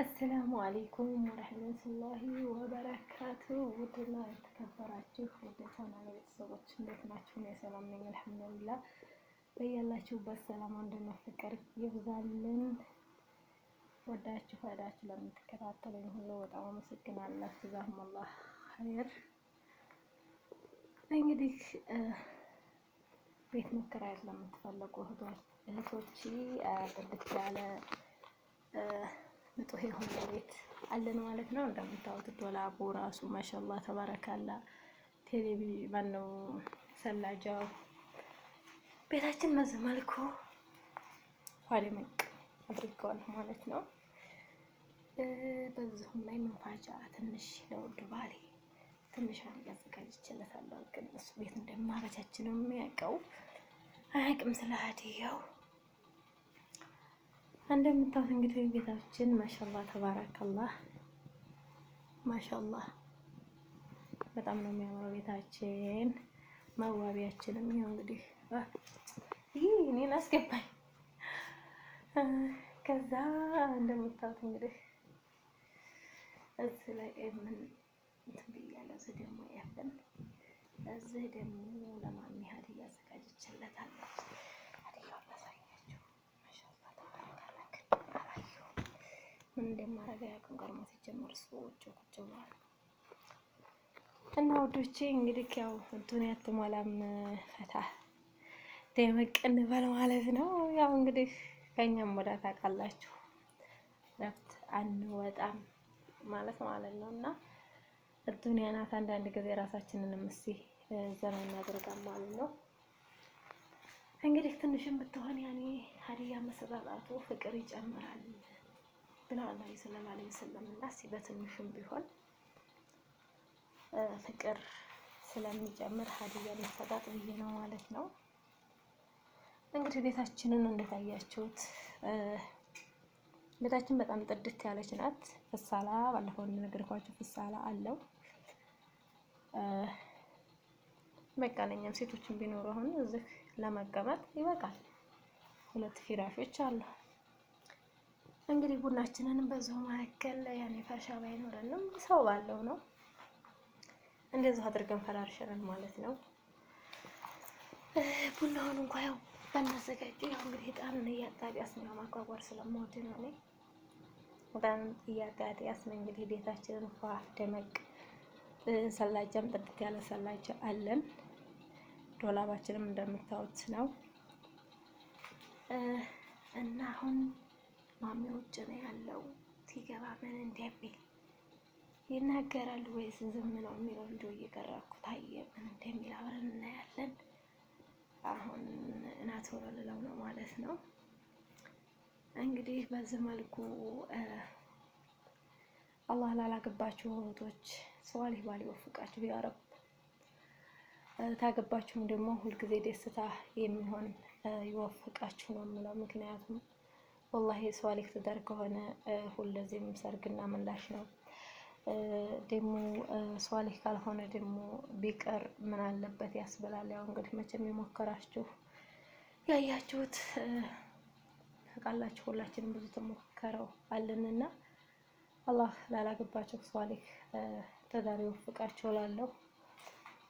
አሰላሙ አሌይኩም ወረህመቱላሂ ወበረካቱ። ውድና የተከበራችሁ ውድ ቻናል ቤተሰቦች እንዴት ናችሁ? እኔ ነኝ አልሐምዱሊላህ። በያላችሁበት ሰላም፣ አንድነት፣ ፍቅር ይብዛልን። ወዳችሁ ፈዳችሁ ለምትከታተሉኝ ሁሉ በጣም አመሰግናለሁ። ጀዛኩሙላህ ኸይር። እንግዲህ ቤት መከራየት ለምትፈለጉ እህቶች ጥድት ያለ ንጡህ የሆነ ቤት አለን ማለት ነው። እንደምታዩት ዶላቡ ራሱ ማሻላ ተባረካላ። ቴሌቪ ማነው ሰላጃው ቤታችን መዘመልኩ ኋሊመቅ አድርገዋል ማለት ነው። በዚሁም ላይ መንፋጫ ትንሽ ለውድ ባሌ ትንሽ አንድ ያዘጋጅችለታለሁ። ግን እሱ ቤት ነው ያውቀው አያውቅም ስለ ሀዲያው እንደምታዩት እንግዲህ ቤታችን ማሻላ ተባረከላህ ማሻላ በጣም ነው የሚያምረው ቤታችን። መዋቢያችንም ይሄው እንግዲህ ይህ እኔን አስገባኝ። ከዛ እንደምታዩት እንግዲህ እዚህ ላይ ምን ትብያለሁ። እዚህ ደግሞ ያለን እዚህ ደግሞ ለማሚያት እያዘጋጀችለታለች ምን እንደማደርግ ያውቅም ገርሞ ሲጀመር እሱ ውጭ ቁጭ ብሏል። እና ውዶቼ እንግዲህ ያው እንትን ያትሟላም ፈታ ደመቅ እንበል ማለት ነው። ያው እንግዲህ ከኛም ወዳ ታውቃላችሁ ረፍት አንወጣም ማለት ማለት ነው እና ዱንያ ናት። አንዳንድ ጊዜ ራሳችንንም እስኪ ዘና እናደርጋም ማለት ነው። እንግዲህ ትንሽም ብትሆን ያኔ ሀዲያ መሰጣጣቱ ፍቅር ይጨምራል። ብለዋላሁ ሰለላሁ ዐለይሂ ወሰለም እና በትንሹም ቢሆን ፍቅር ስለሚጨምር ሀዲያ ሊፈጣጥ ብዬ ነው ማለት ነው። እንግዲህ ቤታችንን እንደታያችሁት ቤታችን በጣም ጥድት ያለች ናት። ፍሳላ ባለፈው እንደነገርኳችሁ ፍሳላ አለው። በቃ ለእኛም ሴቶችን ቢኖሩ አሁን እዚህ ለመቀመጥ ይበቃል። ሁለት ፊራሾች አሉ። እንግዲህ ቡናችንን በዚሁ መካከል ያኔ ፈርሻ ባይኖረንም ሰው ባለው ነው እንደዚህ አድርገን ፈራርሸናል ማለት ነው። ቡናውን እንኳ ያው በናዘጋጀ ያው እንግዲህ ዕጣኑን ነው ማጓጓር ስለማወድ ነው እኔ ዕጣኑን ነው እንግዲህ ቤታችንን ፏ ደመቅ ሰላጃም ጥርት ያለ ሰላጃ አለን። ዶላባችንም እንደምታዩት ነው እና አሁን ማሚ ውጭ ነው ያለው ሲገባ ምን እንደሚል ይናገራል ወይስ ዝም ነው የሚለው? እንዲሁ እየቀረብኩ ታየ ምን እንደሚል አብረን እናያለን። አሁን እናት ሆኖ ልለው ነው ማለት ነው። እንግዲህ በዚህ መልኩ አላህ ላላገባችሁ እህቶች ሰዋሊህ ባል ይወፍቃችሁ ያረብ። ታገባችሁም ደግሞ ሁልጊዜ ደስታ የሚሆን ይወፍቃችሁ ነው የምለው ምክንያቱም ወላሂ ሰዋሊክ ትዳር ከሆነ ሁለዚህም ሰርግና ምላሽ ነው። ደግሞ ሰዋሊክ ካልሆነ ደግሞ ቢቀር ምን አለበት ያስብላል። ያው እንግዲህ መቼም የሞከራችሁ ያያችሁት ታውቃላችሁ። ሁላችንም ብዙ ተሞክረው አለንና አላህ ላላገባችሁ ሰዋሊክ ትዳር ይወፍቃችሁ እላለሁ።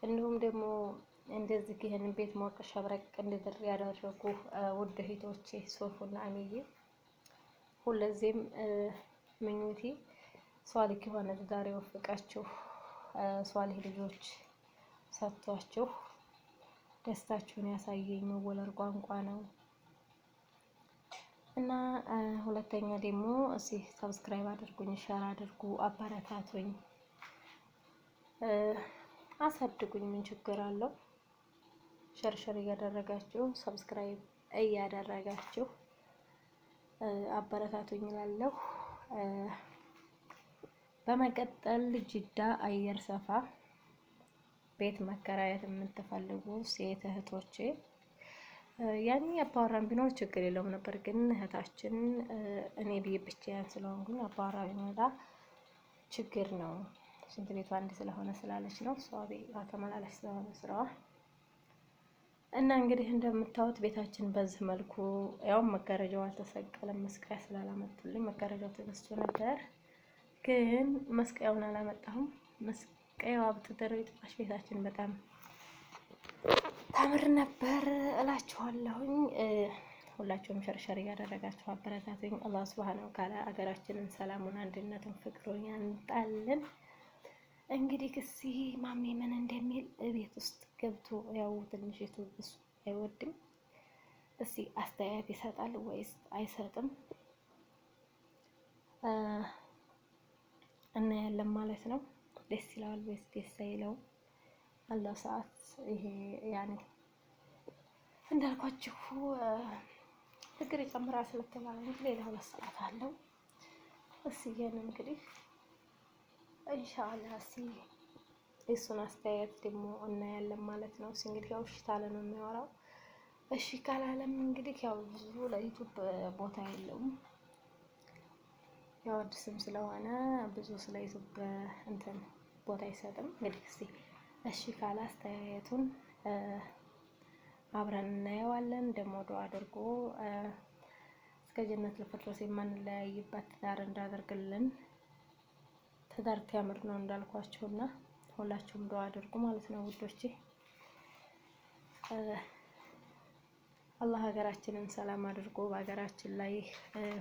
እንዲሁም ደግሞ እንደዚህ ይህንን ቤት ሞቅ ሸብረቅ እንድድር ያደረጉ ውድ እህቶቼ ሶፉና አሚዬ ሁለዚህም ምኞቴ ሷሊህ የሆነ ትዳር የወፍቃችሁ ሷሊህ ልጆች ሰጥቷችሁ ደስታችሁን ያሳየኝ ወለር ቋንቋ ነው እና ሁለተኛ ደግሞ እዚህ ሰብስክራይብ አድርጉኝ፣ ሸር አድርጉ፣ አበረታቱኝ፣ አሳድጉኝ። ምን ችግር አለው? ሸርሸር እያደረጋችሁ ሰብስክራይብ እያደረጋችሁ አበረታቱኝ እላለሁ። በመቀጠል ጅዳ አየር ሰፋ ቤት መከራየት የምትፈልጉ ሴት እህቶቼ ያኔ አባወራም ቢኖር ችግር የለውም ነበር። ግን እህታችን እኔ ብዬ ብቻዬን ስለሆንኩኝ አባወራ ቢመጣ ችግር ነው። ሽንት ቤቷ አንድ ስለሆነ ስላለች ነው። እሷ ተመላለች ስለሆነ ስራዋ እና እንግዲህ እንደምታዩት ቤታችን በዚህ መልኩ ያው መጋረጃው አልተሰቀለም። መስቀያ ስላላመጡልኝ መጋረጃው ተገዝቶ ነበር፣ ግን መስቀያውን አላመጣሁም። መስቀያው አብጥተረው ይጥፋሽ። ቤታችን በጣም ታምር ነበር እላችኋለሁኝ። ሁላችሁም ሸርሸር እያደረጋችሁ አበረታቱኝ። አላህ ሱብሃነሁ ወተዓላ አገራችንን ሰላሙን፣ አንድነትን፣ ፍቅሩን ያንጣልን። እንግዲህ ክሲ ማሜ ምን እንደሚል ቤት ውስጥ ገብቶ ያው ትንሽ እሱ አይወድም። እሲ አስተያየት ይሰጣል ወይስ አይሰጥም እናያለን ማለት ነው። ደስ ይለዋል ወይስ ደስ አይለውም? አላህ ሰዓት ይሄ ያኔ እንዳልኳችሁ ችግር ይጨምራል ስለተባለ ሌላ ሁለት ሰዓት አለው። እስዬን እንግዲህ ኢንሻአላህ እስኪ የእሱን አስተያየት ደግሞ እናያለን ማለት ነው። እሱ እንግዲህ ያው እሺ ታለ ነው የሚያወራው። እሺ ካላለም እንግዲህ ያው ብዙ ለዩቱብ ቦታ የለውም። ያው አዲስም ስለሆነ ብዙ ስለ ዩቱብ እንትን ቦታ አይሰጥም። እንግዲህ እስኪ እሺ ካለ አስተያየቱን አብረን እናየዋለን። ደግሞ ዱአ አድርጎ እስከ ጀነት ልፈትረስ የማንለያይበት ዳር እንዳደርግልን ትዳር ያምር ነው እንዳልኳቸውና ሁላችሁም ዱአ አድርጉ ማለት ነው ውዶቼ። አላህ ሀገራችንን ሰላም አድርጎ በሀገራችን ላይ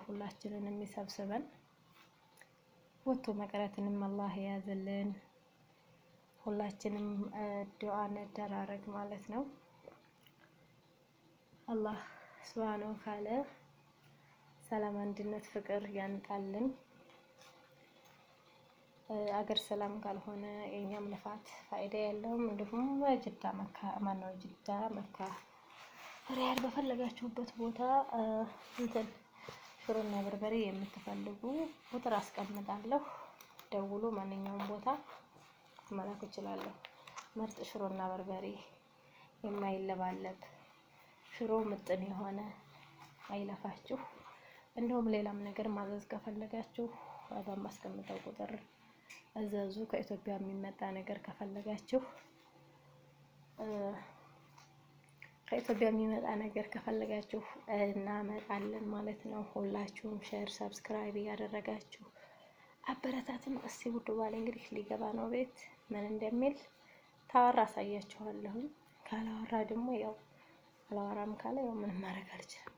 ሁላችንን የሚሰብስበን ወጥቶ መቅረትንም አላህ የያዘልን። ሁላችንም ዱዓ እንደራረግ ማለት ነው። አላህ ስብሓነሁ ካለ ሰላም፣ አንድነት፣ ፍቅር ያንጣልን። አገር ሰላም ካልሆነ የኛም ልፋት ፋይዳ ያለውም እንዲሁም ጅዳ መካ ማነው ጅዳ መካ ሪያድ በፈለጋችሁበት ቦታ እንትን ሽሮና በርበሬ የምትፈልጉ ቁጥር አስቀምጣለሁ። ደውሎ ማንኛውም ቦታ መላክ እችላለሁ። ምርጥ ሽሮና በርበሬ የማይለባለብ ሽሮ ምጥን የሆነ አይለፋችሁ። እንደውም ሌላም ነገር ማዘዝ ከፈለጋችሁ በማስቀምጠው ቁጥር እዘዙ። ከኢትዮጵያ የሚመጣ ነገር ከፈለጋችሁ ከኢትዮጵያ የሚመጣ ነገር ከፈለጋችሁ እናመጣለን ማለት ነው። ሁላችሁም ሼር፣ ሰብስክራይብ እያደረጋችሁ አበረታትን። እስቲ ውድ እንግዲህ ሊገባ ነው ቤት ምን እንደሚል ታወራ አሳያችኋለሁኝ። ካላወራ ደግሞ ያው አላወራም ካለ ያው ምንም ማድረግ አልችልም።